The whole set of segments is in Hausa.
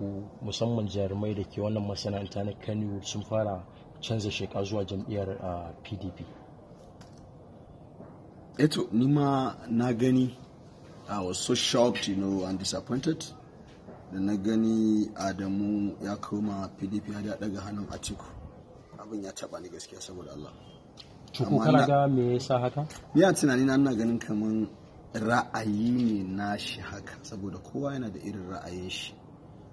ku musamman jarumai da ke wannan masana'anta na Kano sun fara canza sheka zuwa jam'iyyar PDP? Eto, ma na gani I was so shocked, you know, and disappointed. Da na gani Adamu ya koma PDP ya daga hannun Atiku. Abin ya taba ni gaskiya saboda Allah. Cuku kana ga me yasa haka? Ni a tunani na ina ganin kaman ra'ayi ne na shi haka saboda kowa yana da irin ra'ayin shi.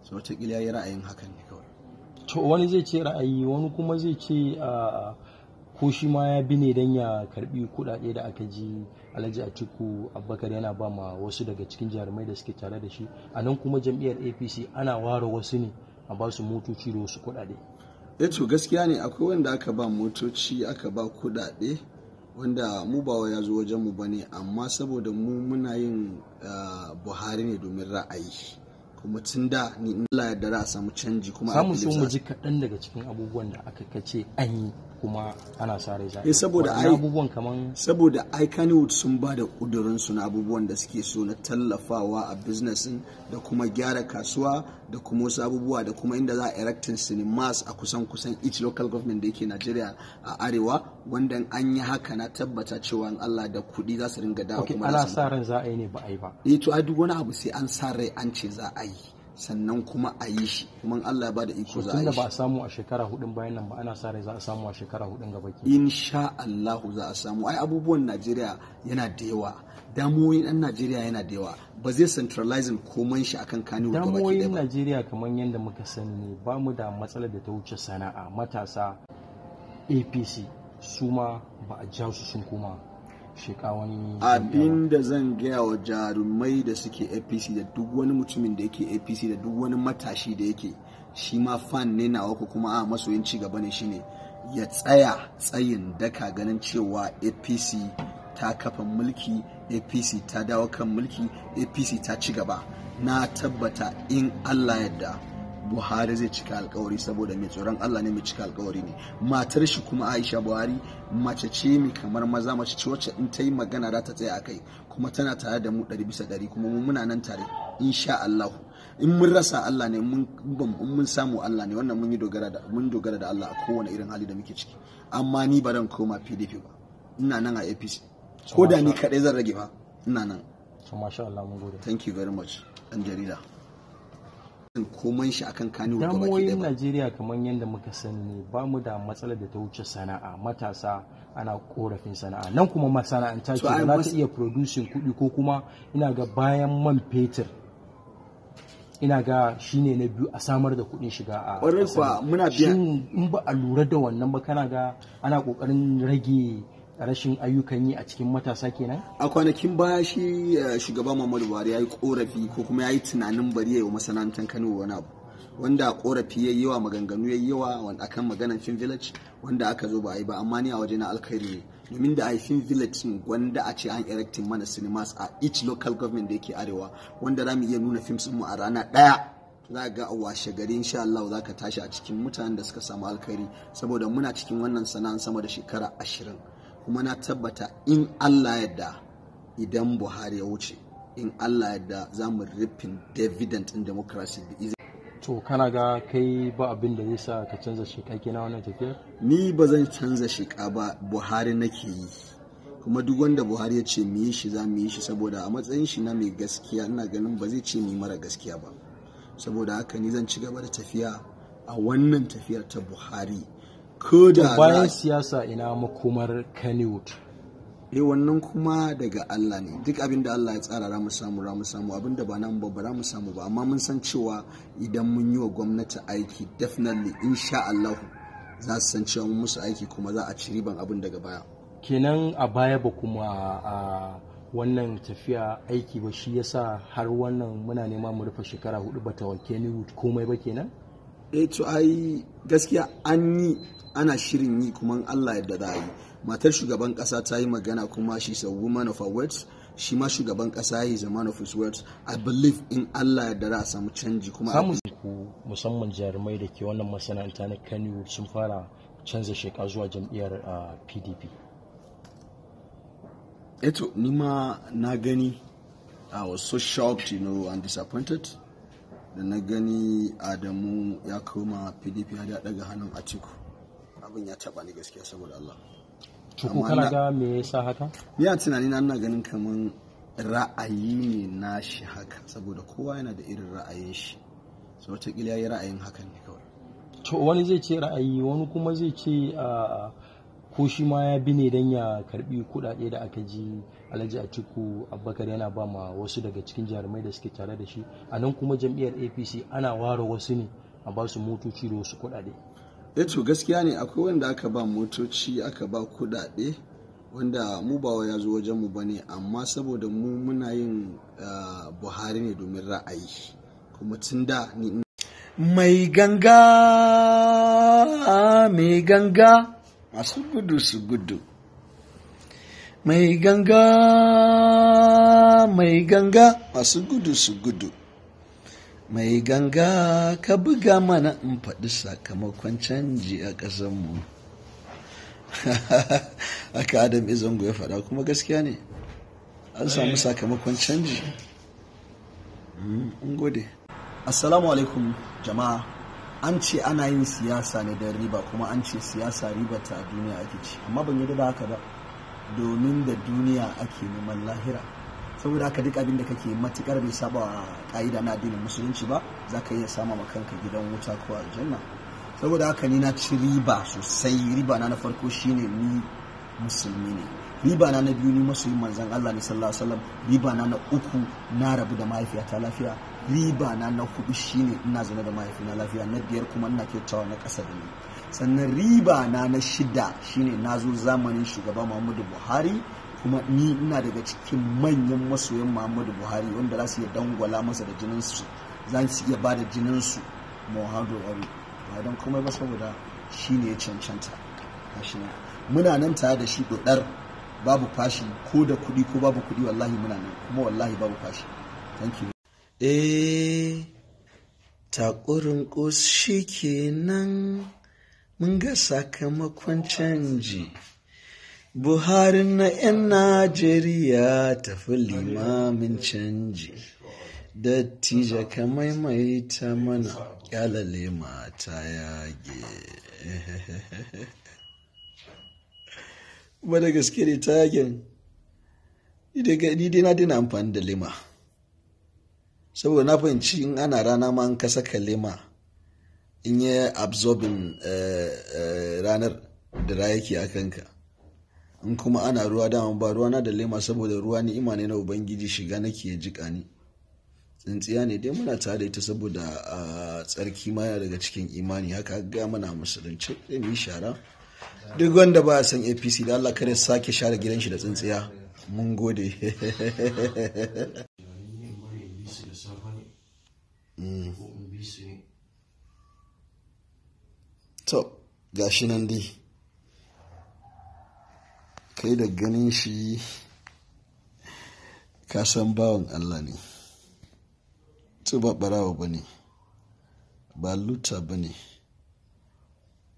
so watakila ya yi ra'ayin hakan ne kawai wani zai ce ra'ayi wani kuma zai ce a ko shi ma ya bi ne don ya karbi kuɗaɗe da aka ji alhaji atiku abubakar yana ba ma wasu daga cikin jarumai da suke tare da shi a nan kuma jam'iyyar apc ana ware wasu ne a ba su motoci da wasu kuɗaɗe eh to gaskiya ne akwai wanda aka ba motoci aka ba kuɗaɗe wanda mu ba ya zo wajen mu bane amma saboda mu muna yin eh, buhari ne domin ra'ayi kuma tun da ni Allah ya da za a samu canji kuma samu so mu ji kaɗan daga cikin abubuwan da aka kace an yi kuma ana sa rai eh, saboda ai abubuwan kaman saboda ai Kannywood sun ba da kudurin su na abubuwan da suke so na tallafawa a businessin da kuma gyara kasuwa da kuma wasu abubuwa da kuma inda za a erecting cinemas a kusan kusan each local government da yake Najeriya a arewa wanda an yi haka na tabbata cewa Allah da kuɗi za su ringa dawo kuma ana sa ran za a yi ne ba a yi ba eh to ai duk wani abu sai an sa rai an ce za a yi sannan kuma a yi shi kuma Allah ba da iko za a yi shi. ba a samu a shekara hudun bayan nan ba ana sa rai za a samu a shekara hudun gaba ke. Insha Allah za a samu ai abubuwan Najeriya yana da yawa damoyin ɗan Najeriya yana da yawa ba zai centralizing komai shi akan kanu gaba ba. damoyin Najeriya kamar yanda muka sani ne ba mu da matsalar da ta wuce sana'a matasa APC su ma ba a ja su sun koma abinda zan gaya wa jarumai da suke apc da duk wani mutumin da yake apc da duk wani matashi da yake shi ma fan ne nawa wako kuma a masoyin ci gaba ne shine ya tsaya tsayin daka ganin cewa apc ta kafa mulki apc ta dawo kan mulki apc ta ci gaba na tabbata in allah yadda buhari zai cika alkawari saboda mai tsoron allah ne mai cika alkawari ne matar shi kuma aisha buhari mace ce mai kamar maza mace ce wacce in ta yi magana za ta tsaye a kai kuma tana tare da mu ɗari bisa ɗari kuma mu muna nan tare insha allah in mun rasa allah ne mun mun samu allah ne wannan mun yi dogara da mun dogara da allah a kowane irin hali da muke ciki amma ni ba zan koma pdp ba ina nan a apc ko da ni kaɗai zan rage ba ina nan so masha allah mun gode thank you very much an jarida koman shi akan gaba najeriya kamar yadda muka sani ne ba mu da matsalar da ta wuce sana'a matasa ana korafin sana'a nan kuma masana'anta ce za ta iya producing kuɗi ko kuma ina ga bayan man fetur ina ga shine na biyu a samar da kuɗin shiga a ƙwarar muna biya in ba a lura da wannan ba kana ga ana ƙoƙarin rage rashin ayyukan yi a cikin matasa kenan? A kwanakin baya shi eh, shugaba Muhammadu Buhari ya yi korafi ko kuma ya yi tunanin bari ya yi wa masana'antar Kano wani abu. Wanda korafi ya yi yawa maganganu ya yi yawa akan maganar Fin Village wanda aka zo ba a yi ba amma ni a waje na alkhairi ne. Domin da a yi Fin Village wanda a ce an erectin mana cinemas a each local government da yake arewa wanda za mu iya nuna fim mu a rana ɗaya za ga a washe gari insha Allah za ka tashi a cikin mutanen da suka samu alkhairi saboda muna cikin wannan sana'an sama da shekara ashirin. kuma na tabbata in Allah yadda idan Buhari ya wuce in Allah yadda za mu rufin dividend in democracy to kana ga kai ba abin da nisa ka canza shiƙa ke na wannan tafiyar ni ba zan canza sheka ba Buhari nake yi kuma duk wanda Buhari ya ce mu yi shi za mu yi shi saboda a matsayin shi na mai gaskiya ina ganin ba zai ce mu mara gaskiya ba saboda haka ni zan ci gaba da tafiya a wannan tafiyar ta Buhari koda bayan siyasa ina makomar Kannywood e eh, wannan kuma daga Allah ne duk abin da Allah ya tsara ramu samu ramu samu abin da ba nan ba ramu samu ba amma mun san cewa idan mun yi wa gwamnati aiki definitely insha allahu za su san cewa mun musu aiki kuma za a ci riban abin daga baya kenan a baya ba kuma a wannan tafiya aiki ba shi yasa har wannan muna nema mu rufe shekara hudu ba ta wanke ni komai ba kenan e to ai gaskiya an yi ana shirin yi kuma Allah yadda za a yi matar shugaban kasa ta yi magana kuma shi a woman of her words shi ma shugaban kasa ya the man of his words i believe in Allah yadda za a samu canji kuma samu ku musamman jarumai da ke wannan masana'anta na Kano sun fara canza sheka zuwa jam'iyyar PDP eto eh ni ma na gani i was so shocked you know and disappointed da na gani adamu ya koma pdp ya ga hannun a ciku abin ya taba ni gaskiya saboda allah cikin kana ga me yasa haka ya tunani na ganin kaman ra'ayi ne na shi haka saboda kowa yana da irin ra'ayin shi so wataƙila ya yi ra'ayin hakan ne kawai wani zai ce ra'ayi wani kuma zai ce ah, ko shi ma ya bi ne don ya karbi kuɗaɗe da aka ji alhaji atiku abubakar yana ba ma wasu daga cikin jarumai da suke tare da shi a nan kuma jam'iyyar apc ana ware wasu ne a ba su motoci da wasu kuɗaɗe eto eh gaskiya ne akwai wanda aka ba motoci aka ba kuɗaɗe wanda mu ba ya zo wajen mu bane amma saboda mu muna yin ah, buhari ne domin ra'ayi kuma tun da ni mai ganga mai ganga masu gudu su gudu mai ganga mai ganga masu gudu su gudu mai ganga ka buga mana in faɗi sakamakon canji a ƙasanmu Aka adam izango ya faɗa kuma gaskiya ne an samu eh. sakamakon canji in mm, gode assalamu alaikum jama'a an ce ana yin siyasa ne don riba kuma an ce siyasa riba ta duniya ake ci amma ban yadda da haka ba domin da duniya ake neman lahira saboda haka duk abin da kake matukar bai saba a ka'ida na addinin musulunci ba za ka iya sama ma kanka gidan wuta ko aljanna saboda haka ni na ci riba sosai riba na na farko shine ni musulmi ne riba na na biyu ni masoyin manzon Allah ne sallallahu alaihi wasallam riba na na uku na rabu da mahaifiyata lafiya riba na na hudu shine ina zaune da mahaifina lafiya na biyar kuma ina kyautawa na ƙasa da ni sannan riba na na shida shine na zo zamanin shugaba muhammadu buhari kuma ni ina daga cikin manyan masoyan muhammadu buhari wanda za su iya dangwala masa da jininsu za su iya ba da jininsu muhammadu buhari ba don komai ba saboda shi cancanta muna nan tare da shi dodar babu fashi ko da kuɗi ko babu kuɗi wallahi muna nan kuma wallahi babu fashi Eh, takurin ƙus shi ke nan mun ga sakamakon canji. Buhari na 'yan Najeriya tafi limamin canji. Dattija ka maimaita mana ƙyalale mata yage. Kuma da gaske da ta yagen, ni dai na dina amfani da lima. saboda na fahimci in ana rana ma an ka saka lema in yi absorbin eh, eh, ranar da yake a kanka in kuma ana ruwa dama ba ruwa na da lema saboda ruwa ni imani na ubangiji shiga nake jika ni tsintsiya ne dai muna tare ita saboda a ah, tsarki ma daga cikin imani haka ga mana musulunci zai mu shara duk wanda ba san apc da allah kare sake share gidan shi da tsintsiya mun gode to ga shi nan dai kai da ganin shi ka san bawan allah ne su ba barawa ba ne ba luta ba ne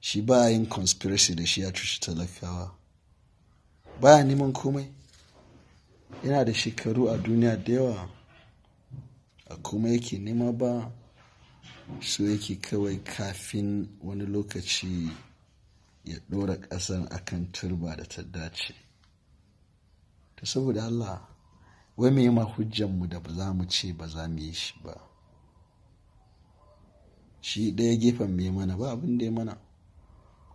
shi ba yin conspiracy da shi ya cushe talakawa ba neman komai yana da shekaru a duniya da yawa a kuma yake nema ba su yake kawai kafin wani lokaci ya ɗora a akan turba da ta dace ta saboda Allah wai me ma hujjanmu da ba za mu ce ba za mu yi shi ba shi ɗaya gefen me mana ba abin da ya mana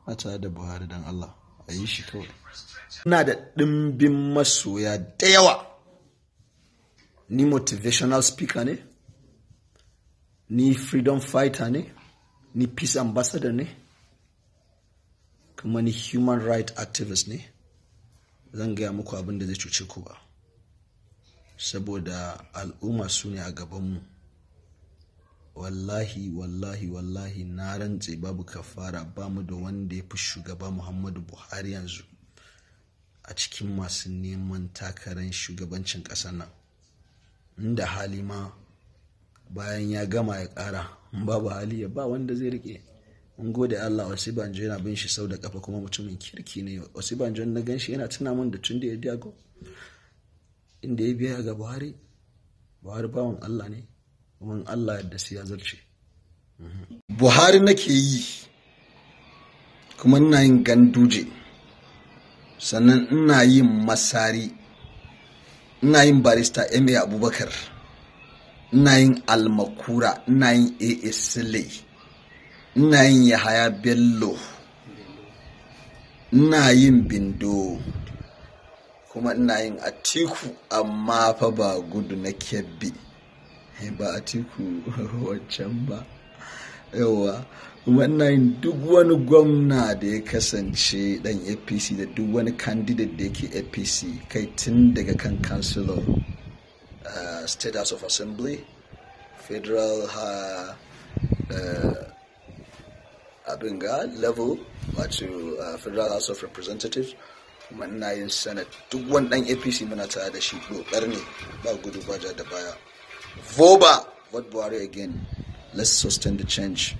a da buhari don Allah a yi shi kawai na da ɗimbin masoya da yawa ni motivational speaker ne ni freedom fighter ne ni peace ambassador ne kuma ni human right activist ne zan gaya muku abin da zai cuce ku ba saboda al'umma su ne a gabanmu wallahi wallahi wallahi na rantse babu kafara ba mu da wanda ya fi shugaba muhammadu buhari yanzu a cikin masu neman takarar shugabancin ƙasar nan inda hali ma bayan ya gama ya ƙara babu hali ya ba wanda zai rike in gode Allah wasu banjo yana bin shi sau da kafa kuma mutumin kirki ne Wasu banjo na gan shi yana tuna min da tun da ya diago inda ya biya ga Buhari Buhari bawan Allah ne kuma Allah yadda sai ya zarce mhm. Buhari nake yi kuma ina yin ganduje sannan ina yin masari ina yin barista ma abubakar ina yin almakura ina yin asla ina yin yahaya bello ina yin bindo kuma ina yin atiku amma fa ba gudu na kebbi eh, ba atiku wancan ba yawa wannan duk wani gwamna da ya kasance dan apc da duk wani candidate da yake apc kai tun daga kan councilor uh, state house of assembly federal uh, uh abin ga level wato uh, federal house of representatives wannan yin senate duk wani dan apc muna tare da shi dokar ne ba gudu ba da baya voba vote buhari again Let's sustain the change.